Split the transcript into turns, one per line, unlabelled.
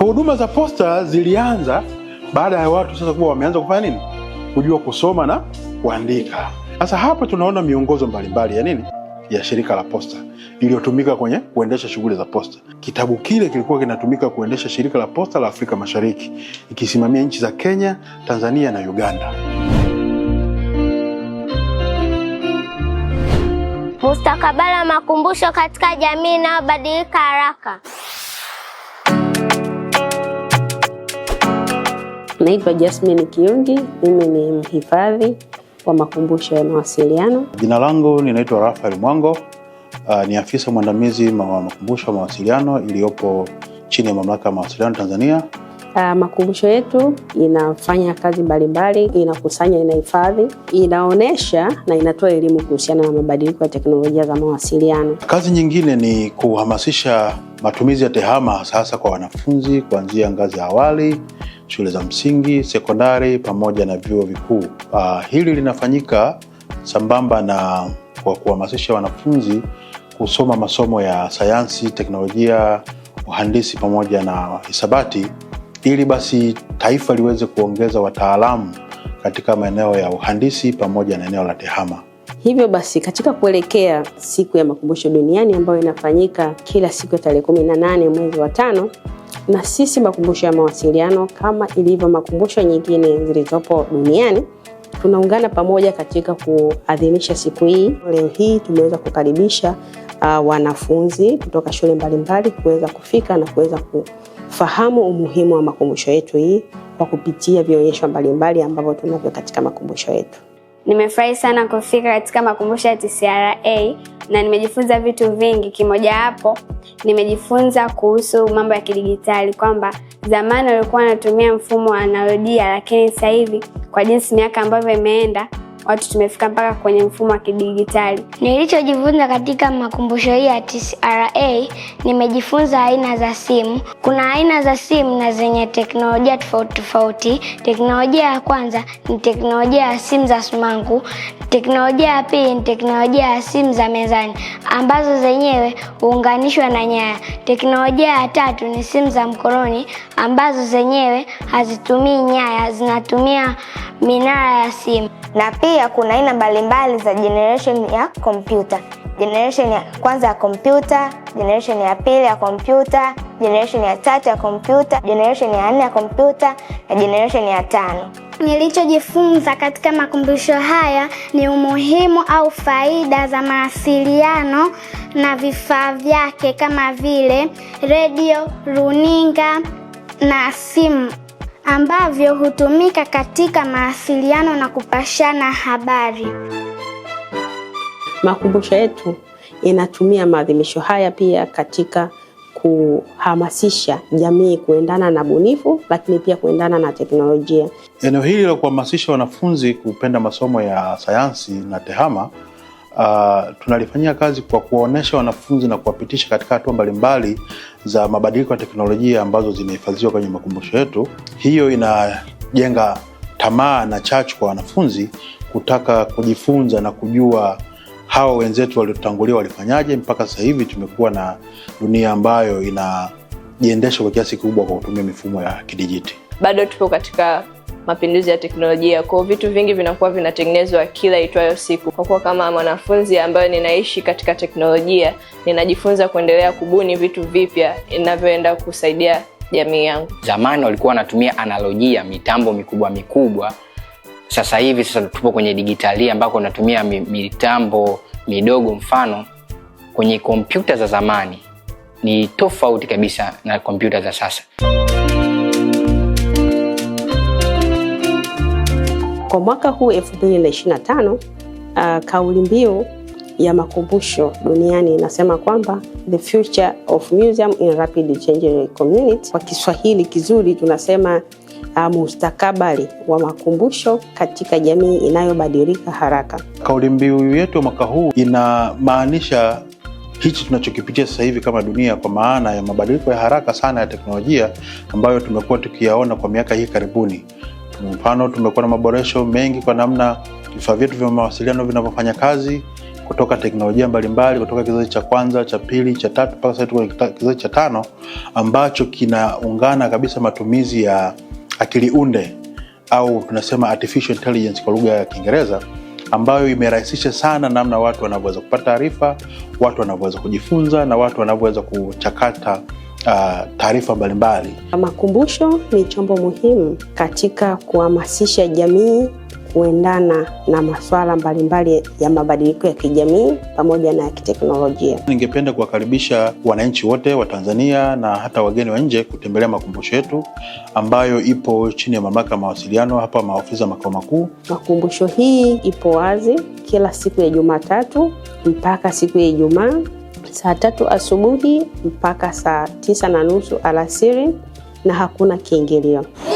Kwa huduma za posta zilianza baada ya watu sasa kuwa wameanza kufanya nini? Kujua kusoma na kuandika. Sasa hapa tunaona miongozo mbalimbali ya nini ya shirika la posta iliyotumika kwenye kuendesha shughuli za posta. Kitabu kile kilikuwa kinatumika kuendesha shirika la posta la Afrika Mashariki, ikisimamia nchi za Kenya, Tanzania na Uganda.
Mustakabali wa makumbusho katika jamii inayobadilika haraka.
Naitwa Jasmine Kiungi, mimi ni mhifadhi wa makumbusho ya mawasiliano.
Jina langu ninaitwa Rafael Mwango. Uh, ni afisa mwandamizi wa makumbusho ya mawasiliano iliyopo chini ya mamlaka ya mawasiliano Tanzania.
Uh, makumbusho yetu inafanya kazi mbalimbali, inakusanya, inahifadhi, inaonyesha na inatoa elimu kuhusiana na mabadiliko ya teknolojia za mawasiliano.
Kazi nyingine ni kuhamasisha matumizi ya TEHAMA hasa kwa wanafunzi kuanzia ngazi ya awali shule za msingi, sekondari pamoja na vyuo vikuu. Uh, hili linafanyika sambamba na kwa kuhamasisha wanafunzi kusoma masomo ya sayansi, teknolojia, uhandisi pamoja na hisabati ili basi taifa liweze kuongeza wataalamu katika maeneo ya uhandisi pamoja na eneo la tehama.
Hivyo basi katika kuelekea siku ya makumbusho duniani ambayo inafanyika kila siku ya tarehe kumi na nane mwezi wa tano na sisi makumbusho ya mawasiliano kama ilivyo makumbusho nyingine zilizopo duniani tunaungana pamoja katika kuadhimisha siku hii. Leo hii tumeweza kukaribisha uh, wanafunzi kutoka shule mbalimbali kuweza kufika na kuweza kufahamu umuhimu wa makumbusho yetu hii kwa kupitia vionyesho mbalimbali ambavyo tunavyo katika makumbusho yetu.
Nimefurahi sana kufika katika makumbusho ya TCRA na nimejifunza vitu vingi, kimojawapo nimejifunza kuhusu mambo ya kidigitali kwamba zamani walikuwa wanatumia mfumo wa analojia lakini sasa hivi kwa jinsi miaka ambavyo imeenda watu tumefika mpaka kwenye mfumo wa kidijitali.
Nilichojifunza katika makumbusho hii ya TCRA, nimejifunza aina za simu. Kuna aina za simu na zenye teknolojia tofauti tofauti. Teknolojia ya kwanza ni teknolojia ya simu za sumangu. Teknolojia ya pili ni teknolojia ya simu za mezani ambazo zenyewe huunganishwa na nyaya. Teknolojia ya tatu ni simu za mkononi ambazo zenyewe hazitumii nyaya, zinatumia minara ya simu
na pia pia kuna aina mbalimbali za generation ya kompyuta. Generation ya kwanza ya kompyuta, generation ya pili ya kompyuta, generation ya tatu ya kompyuta, generation ya nne ya kompyuta na generation ya tano.
Nilichojifunza katika makumbusho haya ni umuhimu au faida za mawasiliano na vifaa vyake kama vile redio, runinga na simu ambavyo hutumika katika mawasiliano na kupashana habari.
Makumbusho yetu inatumia maadhimisho haya pia katika kuhamasisha jamii kuendana na bunifu, lakini pia kuendana na teknolojia.
Eneo hili la kuhamasisha wanafunzi kupenda masomo ya sayansi na tehama uh, tunalifanyia kazi kwa kuwaonyesha wanafunzi na kuwapitisha katika hatua mbalimbali za mabadiliko ya teknolojia ambazo zimehifadhiwa kwenye makumbusho yetu. Hiyo inajenga tamaa na chachu kwa wanafunzi kutaka kujifunza na kujua hawa wenzetu waliotangulia walifanyaje mpaka sasa hivi tumekuwa na dunia ambayo inajiendesha kwa kiasi kikubwa kwa kutumia mifumo ya kidijiti.
Bado tupo katika mapinduzi ya teknolojia. Kwa vitu vingi vinakuwa vinatengenezwa kila itwayo siku. Kwa kuwa kama mwanafunzi ambayo ninaishi katika teknolojia, ninajifunza kuendelea kubuni vitu vipya inavyoenda kusaidia jamii yangu.
Zamani walikuwa wanatumia analojia, mitambo mikubwa mikubwa. Sasa hivi sasa tupo kwenye digitalia ambako unatumia mitambo midogo. Mfano, kwenye kompyuta za zamani ni tofauti kabisa na kompyuta za sasa.
Kwa mwaka huu 2025, uh, kauli mbiu ya makumbusho duniani inasema kwamba the future of museum in rapidly changing community. Kwa Kiswahili kizuri tunasema uh, mustakabali wa makumbusho katika jamii inayobadilika haraka.
Kauli mbiu yetu ya mwaka huu inamaanisha hichi tunachokipitia sasa hivi kama dunia, kwa maana ya mabadiliko ya haraka sana ya teknolojia ambayo tumekuwa tukiyaona kwa miaka hii karibuni Mfano, tumekuwa na maboresho mengi kwa namna vifaa vyetu vya mawasiliano vinavyofanya kazi kutoka teknolojia mbalimbali mbali, kutoka kizazi cha kwanza cha pili cha tatu mpaka sasa tuko kizazi cha tano ambacho kinaungana kabisa matumizi ya akili unde au tunasema artificial intelligence kwa lugha ya Kiingereza ambayo imerahisisha sana namna watu wanavyoweza kupata taarifa, watu wanavyoweza kujifunza na watu wanavyoweza kuchakata uh, taarifa mbalimbali.
Makumbusho ni chombo muhimu katika kuhamasisha jamii kuendana na masuala mbalimbali ya mabadiliko ya kijamii pamoja na ya kiteknolojia.
Ningependa kuwakaribisha wananchi wote wa Tanzania na hata wageni wa nje kutembelea makumbusho yetu ambayo ipo chini ya mamlaka ya mawasiliano hapa maofisa makao makuu.
Makumbusho hii ipo wazi kila siku ya Jumatatu mpaka siku ya Ijumaa saa tatu asubuhi mpaka saa tisa na nusu alasiri na hakuna kiingilio.